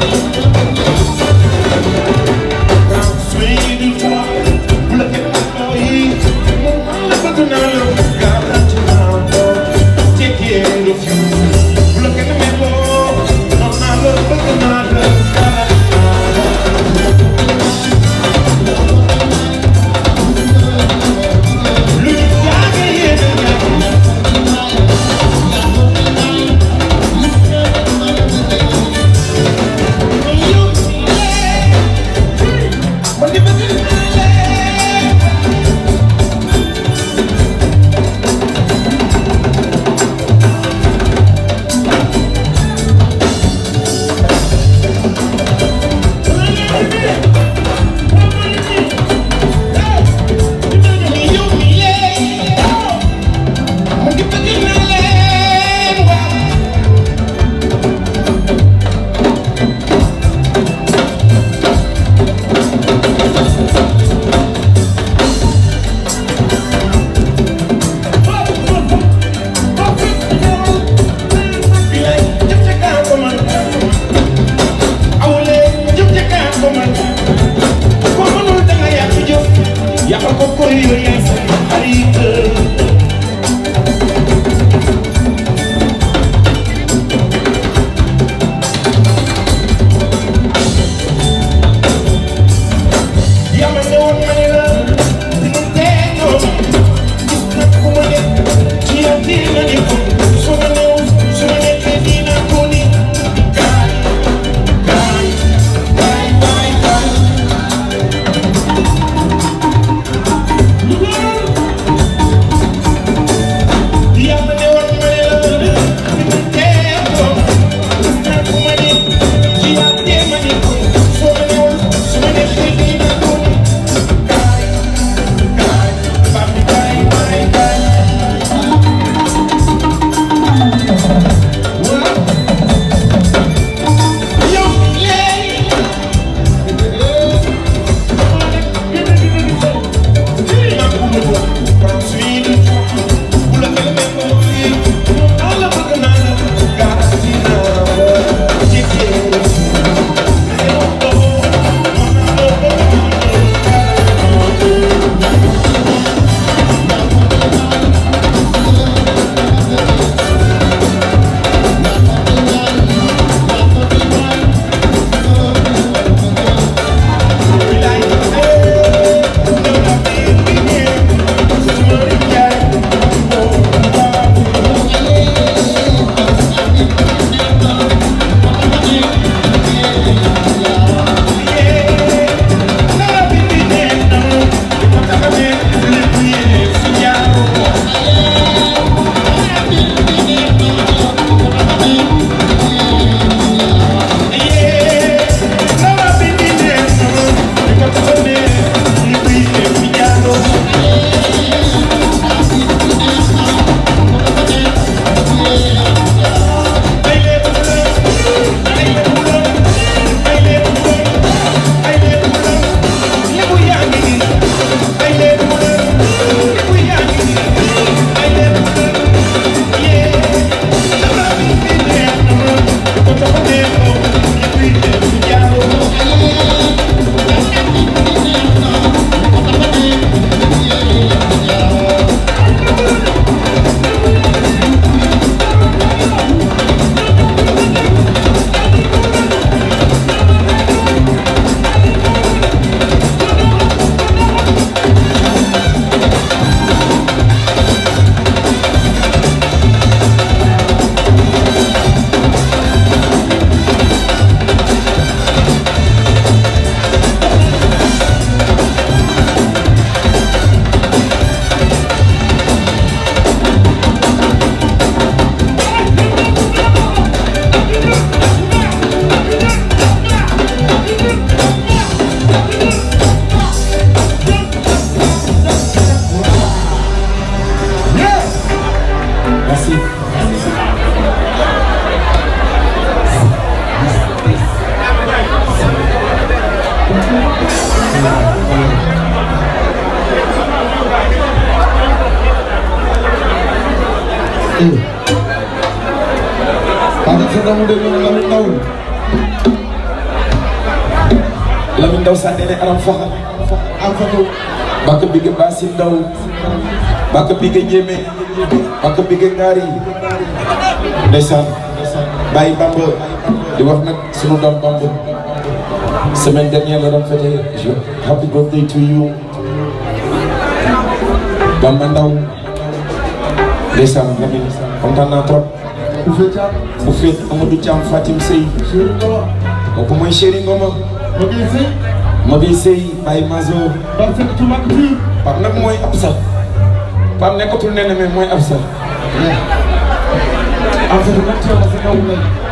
Thank you. bige jéeme ak bige ngaari ndeysaan bàyyi bamba di wax nag sunu bamba semaine dernière la doon fêté je happy birthday to you bamba ndaw ndeysaan Lamine kontaan naa trop bu feet Amadou Thiam Fatim Sey kooku mooy chéri ngoma ma bi sey bàyyi mazo par nag mooy ab PAM nekkatul nee na mais mooy Absa. Absa du nag ci yow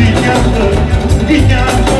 Minha mãe, minha mãe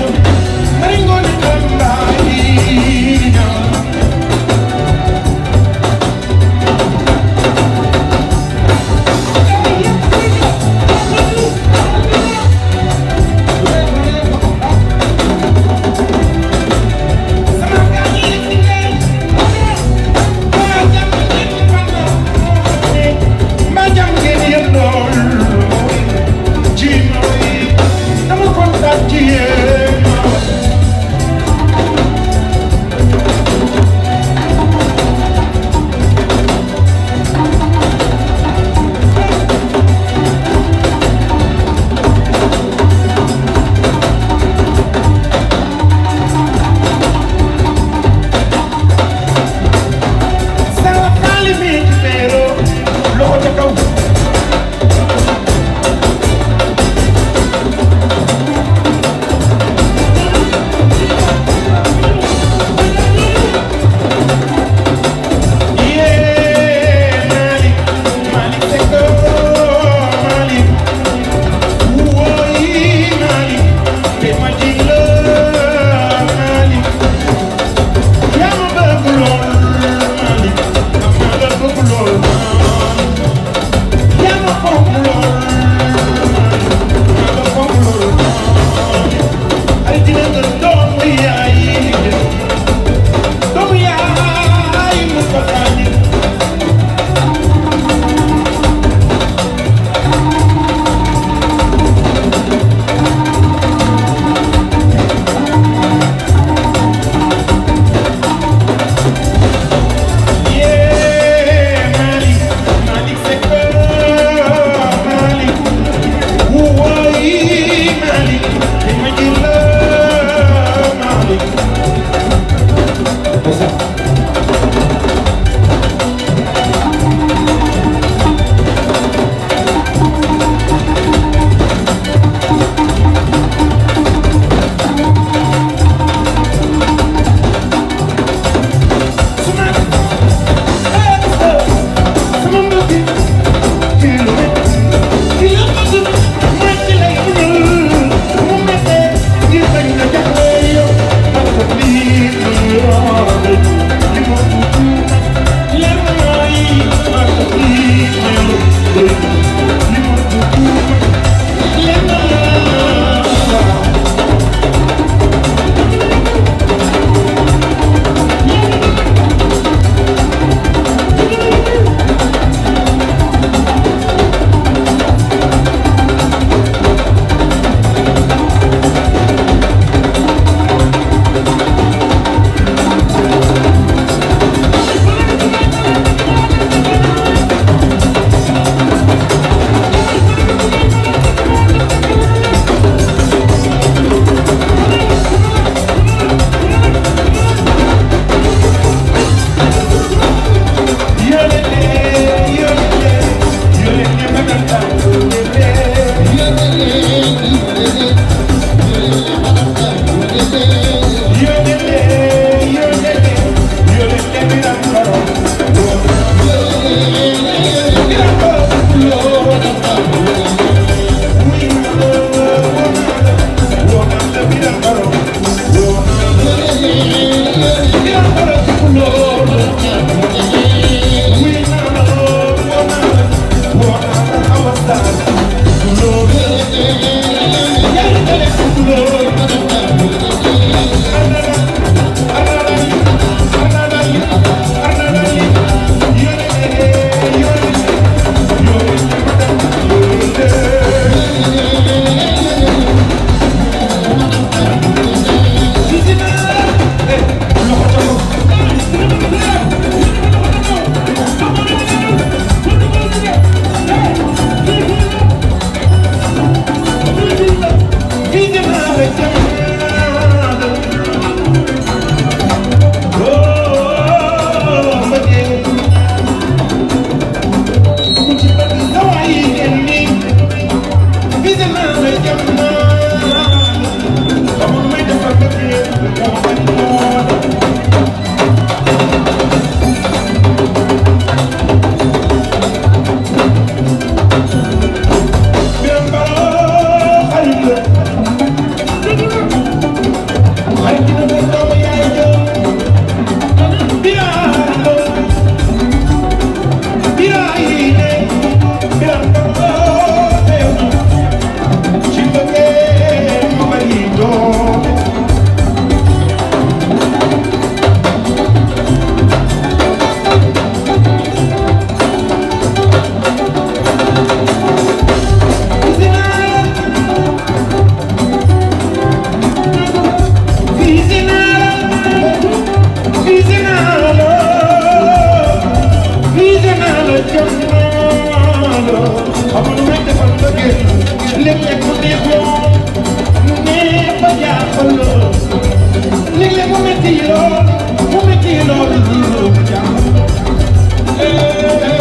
Hey!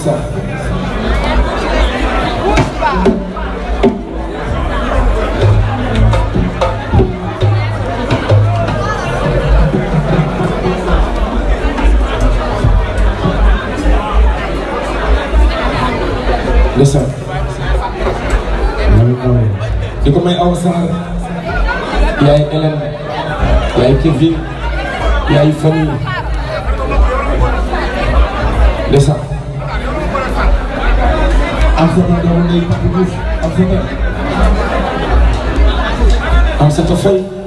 sir. Vamos, você tá feio.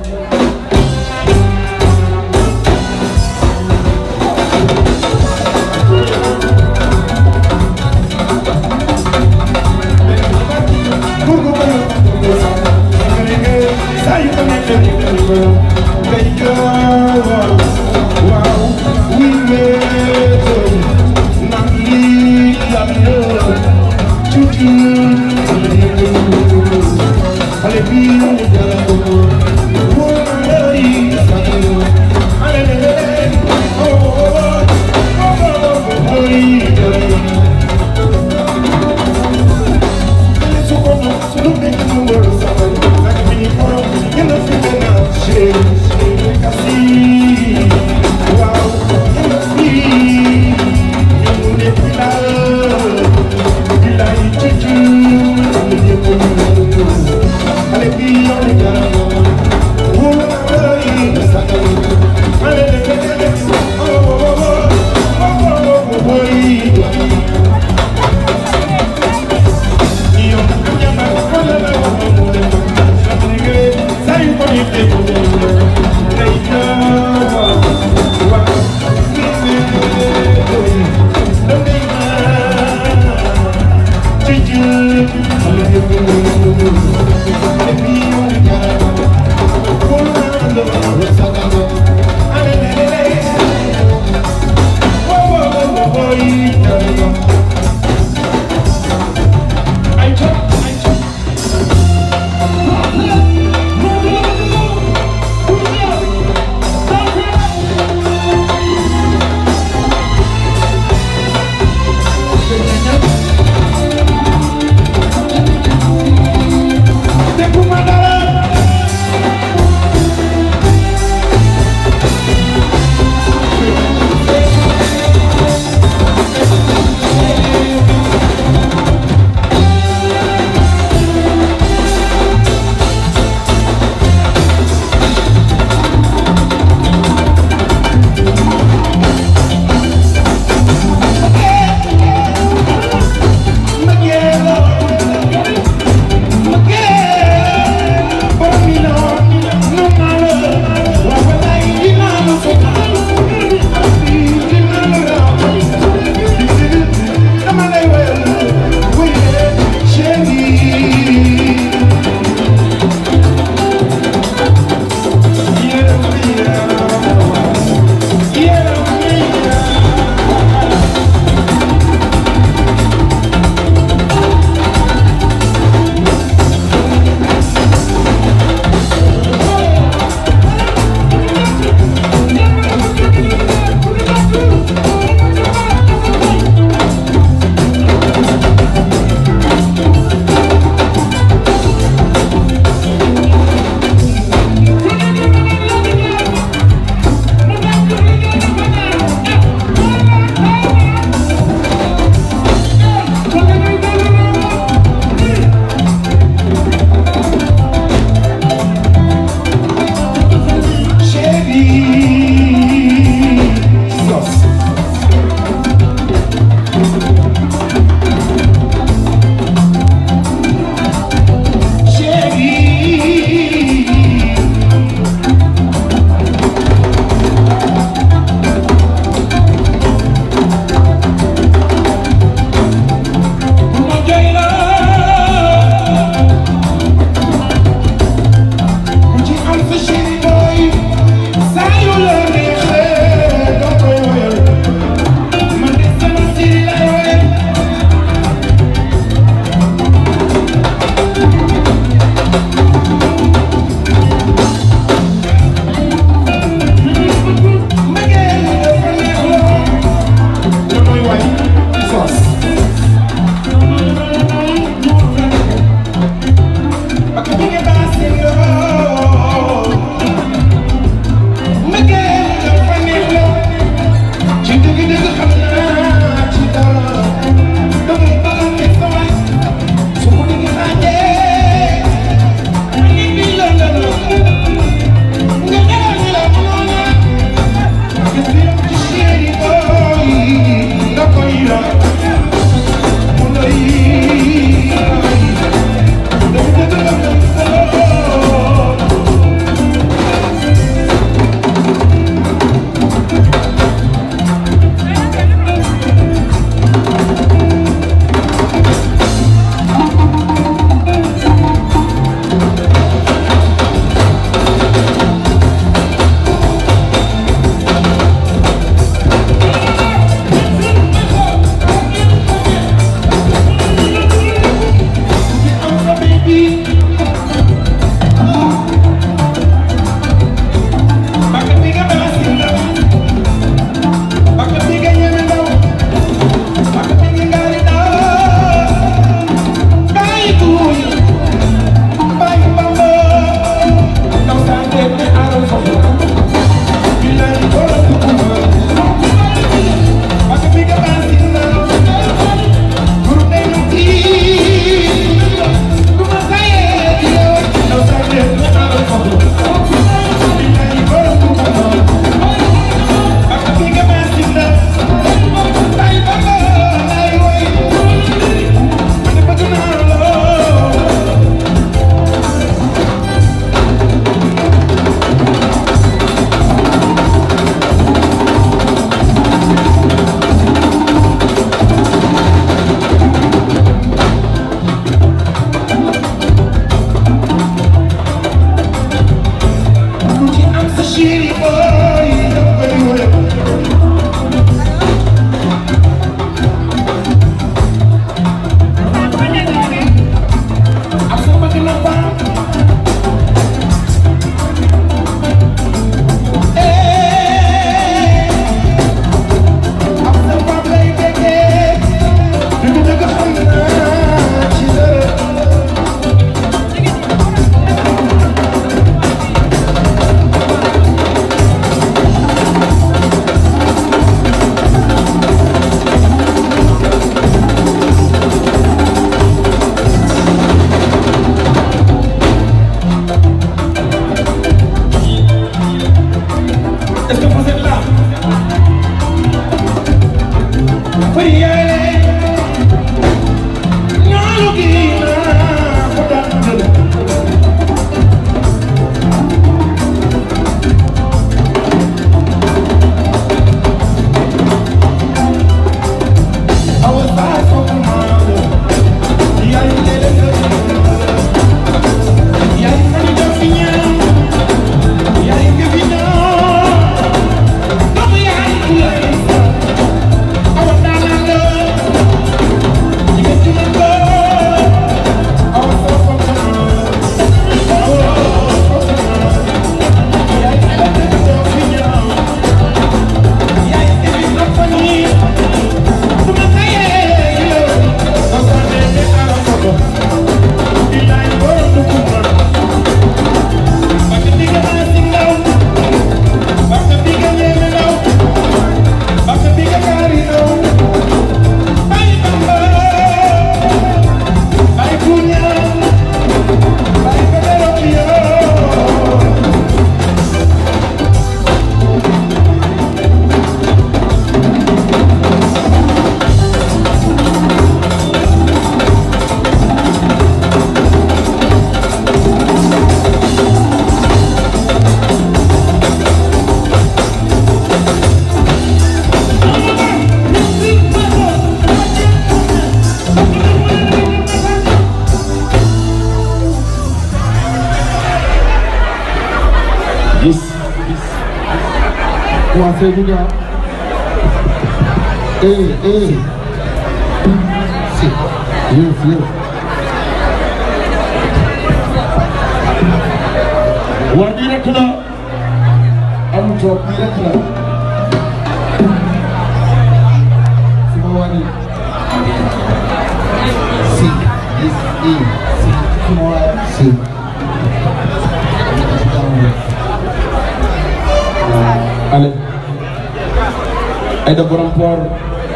Aïda Borom Port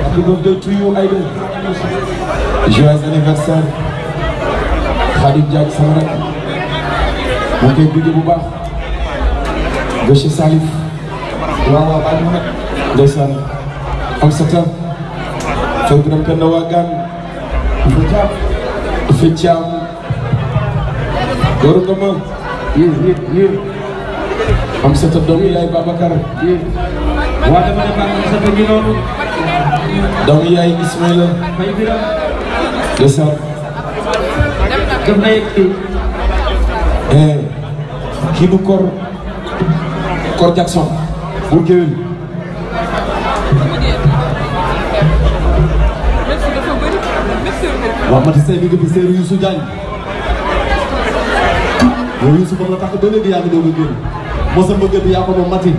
happy birthday to you Aïda joyeux anniversaire Khadim Diagne sama rakk moo koy bëgg bu baax Gossé Salif waaw waaw baal ma ndeysaan am sa tam coow bi dama waa gaan dafa caam góor nga ma am sa tam doomu yaay Babacar waa dama ne maa ngi safee ñu noonu. doomu yaay Ismaïla. Faye Bira. ndeysaan. Eh, def na yegg kii. kii du Kor. Kor Jackson. bu géwél. waaw Mati Seye bi depuis Seydou Youssou Diagne. yow Youssou moom la tax ba léegi yaa ngi doog a génn. mosam bëgg bi yaa ko moom Mati.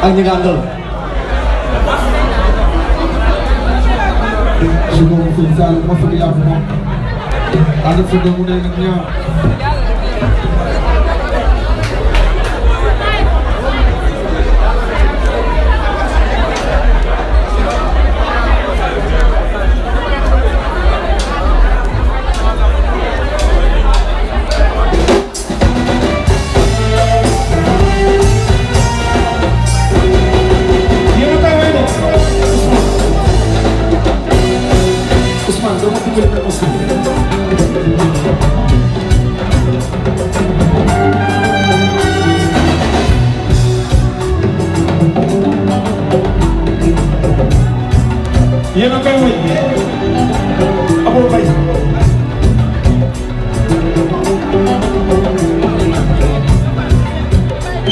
ak ñi nga àndal. su boobu saal ma fëgg yàgg moom ànd ak sa doomu ndey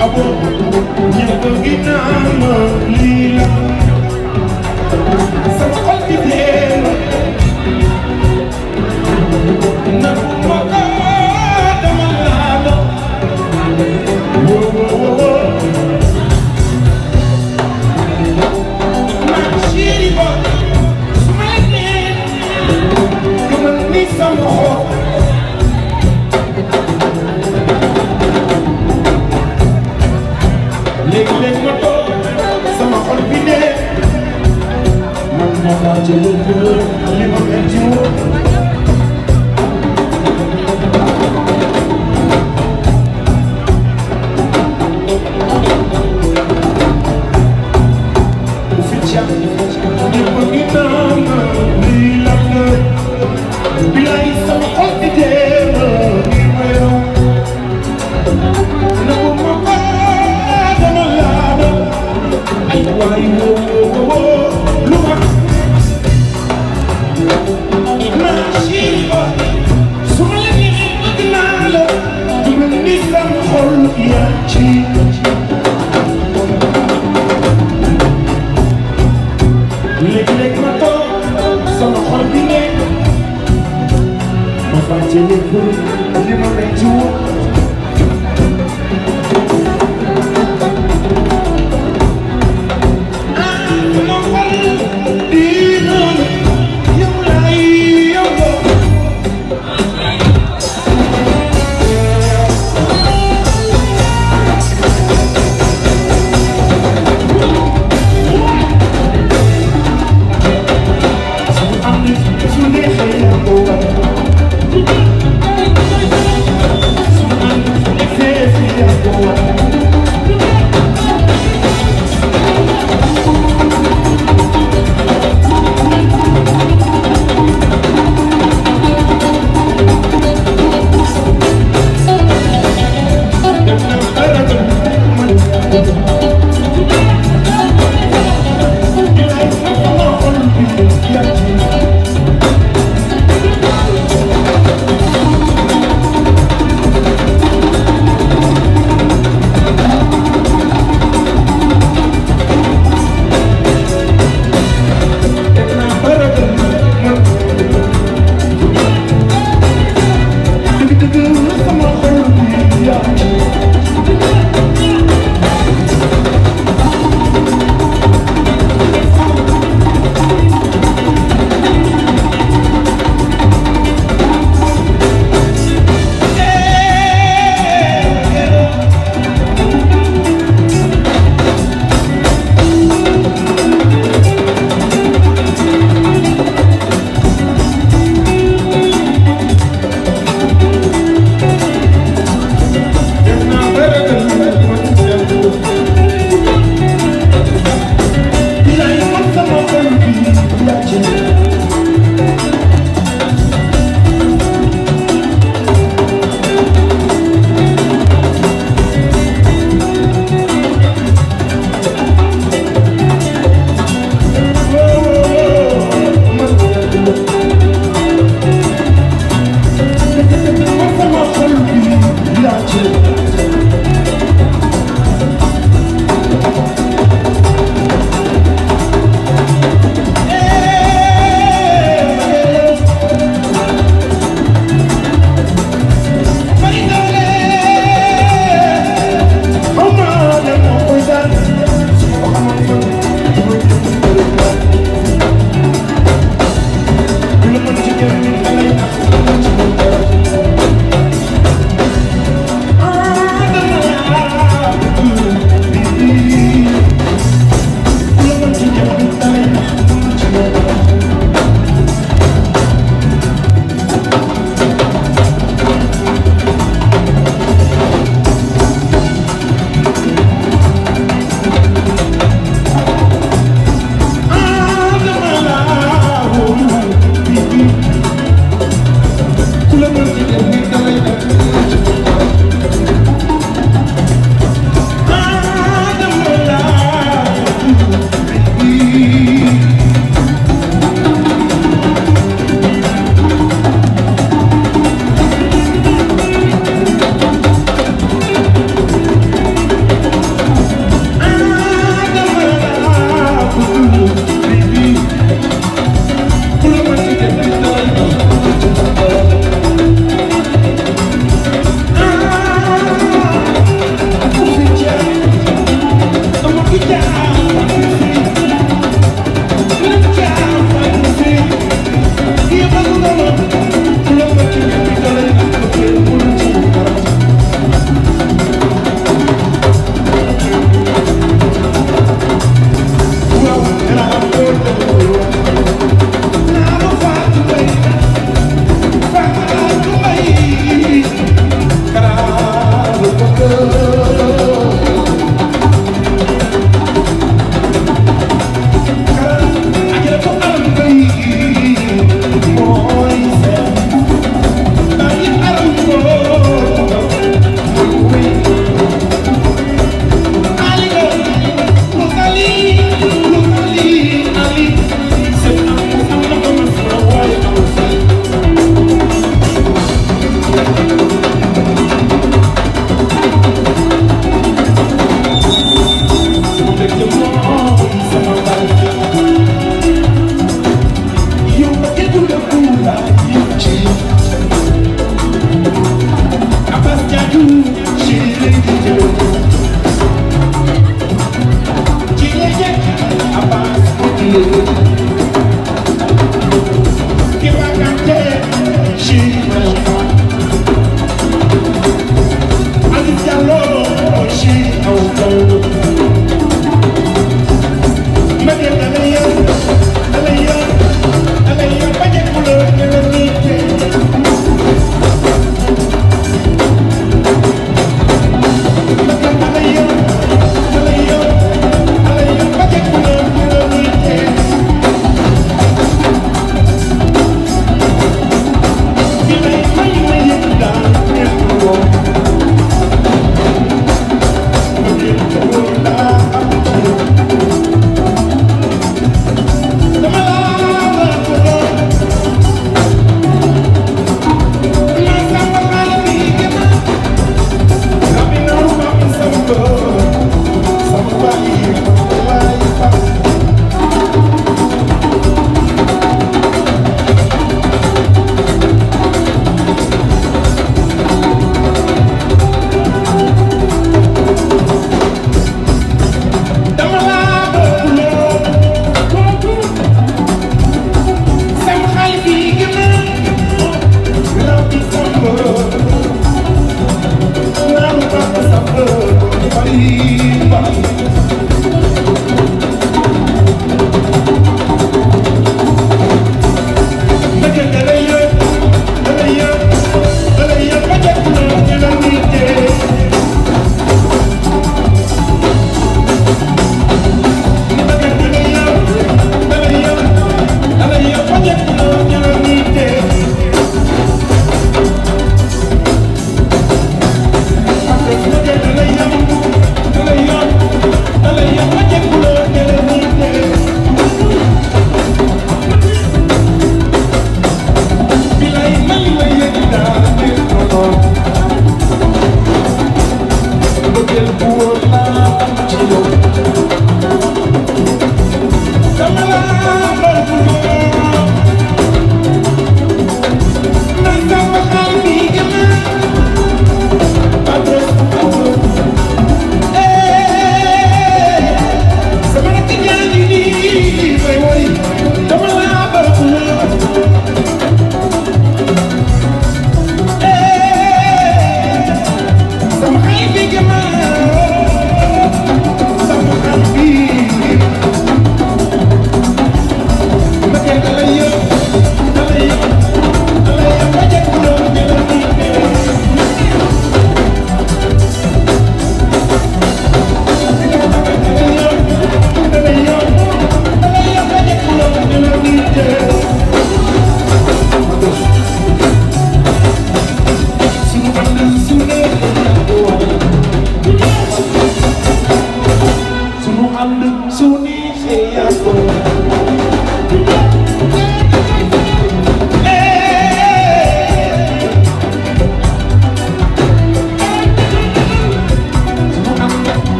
I Abo, nyebagi nama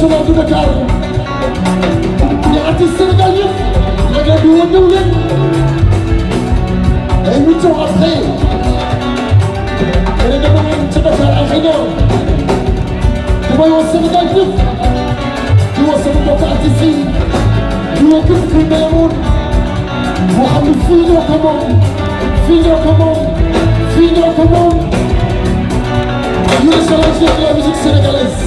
شباب دكار يعطي السرقة اليف لقد هو الدولة أيوة عارفين أنا دابا نتذكر عفينا دابا يوصل اليف يوصل الدكار تسين يوقف في المامون وخلي فين رقمهم فين رقمهم فين رقمهم يوصل الجنة بجيك سنغاليز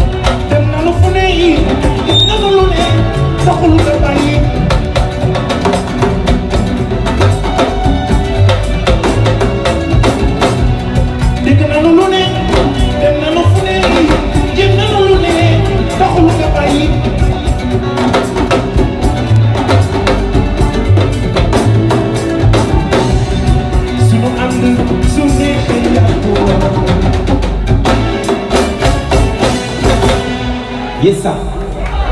yi naka lu ne taxul nga bàyyi Yes sir.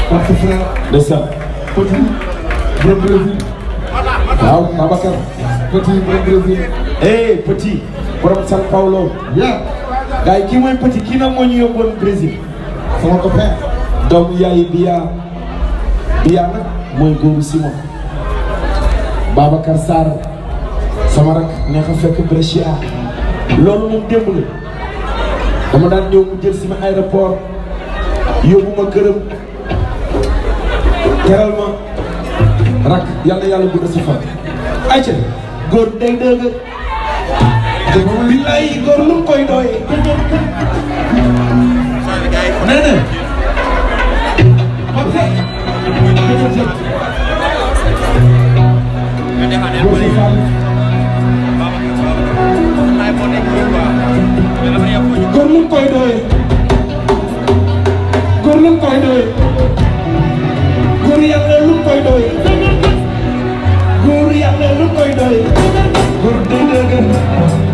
Parce que ndeysaan petit borom Brésil eh petit borom São Paulo yeah gars yi kii mooy petit kii nag moo ñu yóbboon Brésil sama copain doomu yaay Biya Biya nag mooy góoru Simon Babacar Sarr sama rak neex a fekk Brescia loolu moom dama daan ñëw mu jël si aéroport yóbbu ma këram teral ma rak yàlla yàlla gudd sa fan ayca góor day dëgg te billaay góor lu koy dooyee nee na mu koy doyee lu mu koy doy góor yàlla lu mu koy doy góor yàlla lu mu koy doy góor dëgg dëgg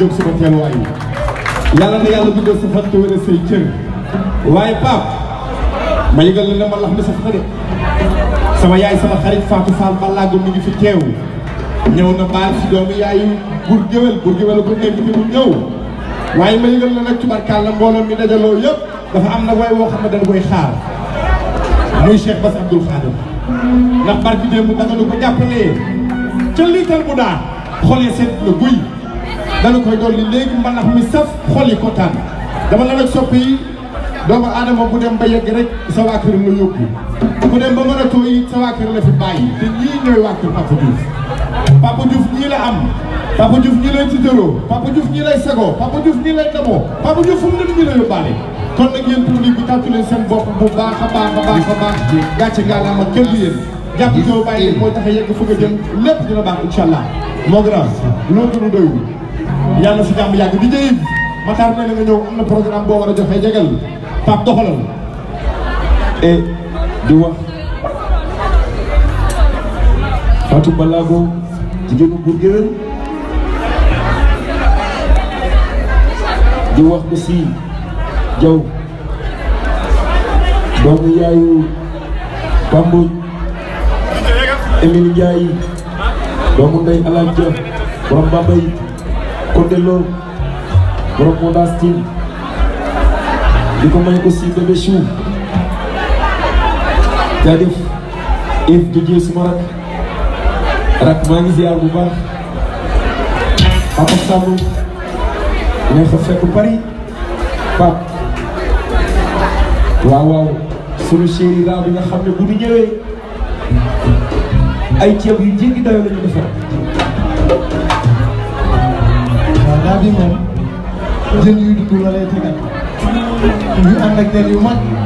jóg suma teewaay yàlla na yàlla dugal sa fan te wér say cër waaye Pape ma yëgal la ne ma lax mi sa xarit sama yaay sama xarit Fatou Fall Balago mi ngi fi teew ñëw na baal si doomu yaayu bur géwél bur géwél ko invité mu ñëw waaye ma yëgal la nag ci barkaal mbooloo mi dajaloo yëpp dafa am na way woo xam ne dañ koy xaar muy Cheikh Bass Abdoul Khadim ndax barki démb danga nu ko jàppalee ca liitar bu daa xoolee seet na guy dana koy dolli léegi mbalax mi saf xoli kontaan dama la rek soppi yi doomu aadama bu dem ba yegg rek sa waa kër la yóbbu bu dem ba mën a tooy sa waa kër la fi bàyyi te ñii ñooy waa kër Papa Diouf ñii la am Papa Diouf ñii lay tiitaroo Papa Diouf ñii lay sagoo Papa Diouf ñii lay ndamoo Papa Diouf ñii la yóbbaale kon nag yéen public bi tàttu leen seen bopp bu baax a baax a baax a baax gàcce nga la ma kenn du yéen tax yegg fu nga jëm lépp dina baax incha allah moo grave loolu du Yang sudah jàmm yàgg di njëriñ Matar ne na nga ñëw am programme boo war joxe jegal Pape doxalal. E, eh, di wax Fatou Balago jigéenu Buur Géwél di wax aussi Diaw doomu yaayu Pambu Émile Ndiaye doomu ndey borom Codé Lo borom Mondas Team di ko may aussi bébé Chou jaajëf Yves Didier suma rak rak maa ngi ziar bu baax Papa Sallou ne fa fekk Paris Pape waaw sunu chéri raa bi nga xam ne bu ñu ñëwee ay ceeb yu jéggi dayo la ñu defar moom jën yuy dugg la lay tegal ñu ànd ak jën yu mag.